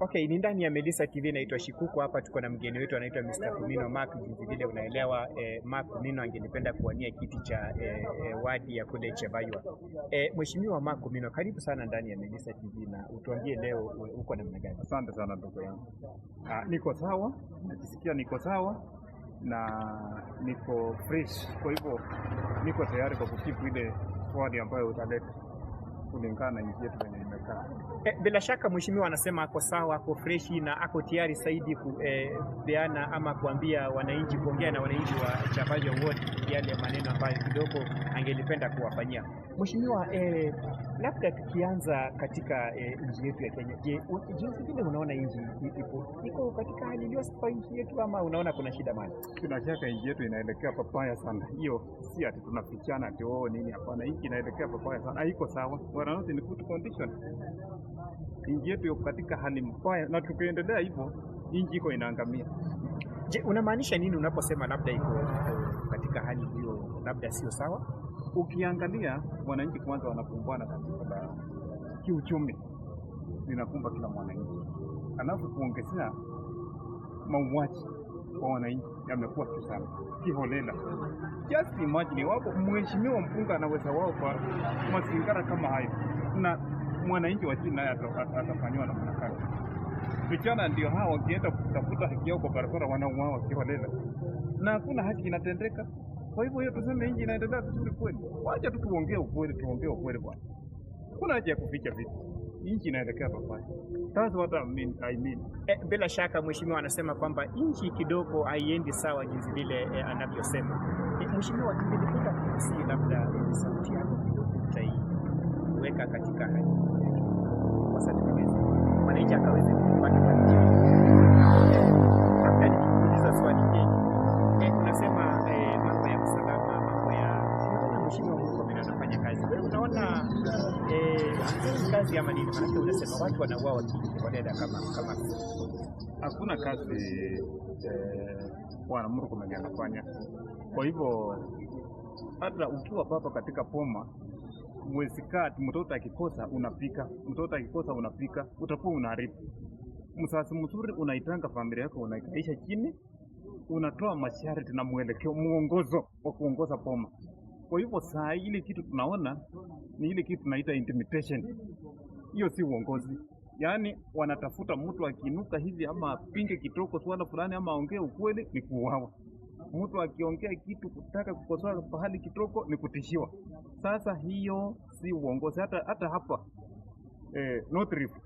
Okay, ni ndani ya Melissa TV naitwa Shikuku hapa tuko na mgeni wetu anaitwa Mr. Kumino Mark. Vile unaelewa eh, Mark Kumino angelipenda kuwania kiti cha eh, eh, wadi ya kule Chebaywa. Eh, Mheshimiwa Mark Kumino, karibu sana ndani ya Melissa TV na utuambie leo uko namna gani? Asante sana ndugu yangu. Ah, niko sawa, najisikia niko sawa na niko fresh, kwa hivyo niko tayari kwa kukipu ile wadi ambayo utaleta kulingana na nchi yetu venye imekaa. E, bila shaka mheshimiwa anasema ako sawa, ako freshi na ako tayari zaidi eh, kupeana ama kuambia wananchi, kuongea na wananchi wa Chavaja wote yale maneno ambayo kidogo ningelipenda kuwafanyia Mheshimiwa, eh, labda tukianza katika eh, nchi yetu ya Kenya, je, jinsi vile unaona nchi ipo iko katika hali iliyosifa nchi yetu, ama unaona kuna shida mali? Bila shaka nchi yetu inaelekea papaya sana. Hiyo si ati tunafichana ati oo oh, nini, hapana. Nchi inaelekea papaya sana, haiko sawa. Wananoti ni good condition, nchi yetu iko katika hali mbaya, na tukiendelea hivyo nchi iko inaangamia. Je, unamaanisha nini unaposema labda iko katika hali hiyo, labda sio sawa? Ukiangalia wananchi kwanza wanakumbana tatizo la kiuchumi linakumba kila mwananchi, alafu kuongezea mauaji kwa wananchi yamekuwa tu sana kiholela. Just imagine wapo mheshimiwa mpunga anaweza wao kwa masingara kama hayo, na mwananchi wa chini naye atafanyiwa na mwanakati. Vijana ndio hawa wakienda kutafuta haki yao kwa barabara, wanauawa kiholela na hakuna haki inatendeka. Kwa hivyo hiyo tuseme nchi inaendelea vizuri kweli? Wacha tu tuongee ukweli, tuongee ukweli bwana. Kuna haja ya kuficha vitu. Nchi inaelekea pafai. That's hata I mean, I mean. E, bila shaka mheshimiwa anasema kwamba nchi kidogo haiendi sawa jinsi vile e, anavyosema. e, mheshimiwa kipindikuta si labda sauti yako kidogo utaiweka katika hali. Kwa sababu Mwananchi akaweza unaona eh, kazi ya madini, maanake unasema watu wanauawa kama kama hakuna kazi eh, Bwana Mungu mwenye anafanya. Kwa hivyo hata ukiwa papa katika poma kati, mtoto akikosa unapika, mtoto akikosa unapika, utakuwa unaharibu msasi mzuri. Unaitanga familia yako, unaikaisha chini, unatoa masharti na mwelekeo, mwongozo wa kuongoza poma. Kwa hivyo saa ile kitu tunaona ni ile kitu tunaita intimidation. Hiyo si uongozi, yaani wanatafuta mtu akinuka hivi ama apinge kitoko swala fulani ama aongee ukweli ni kuuawa. Mtu akiongea kitu kutaka kukosoa pahali kitoko ni kutishiwa. Sasa hiyo si uongozi hata, hata hapa eh, North Rift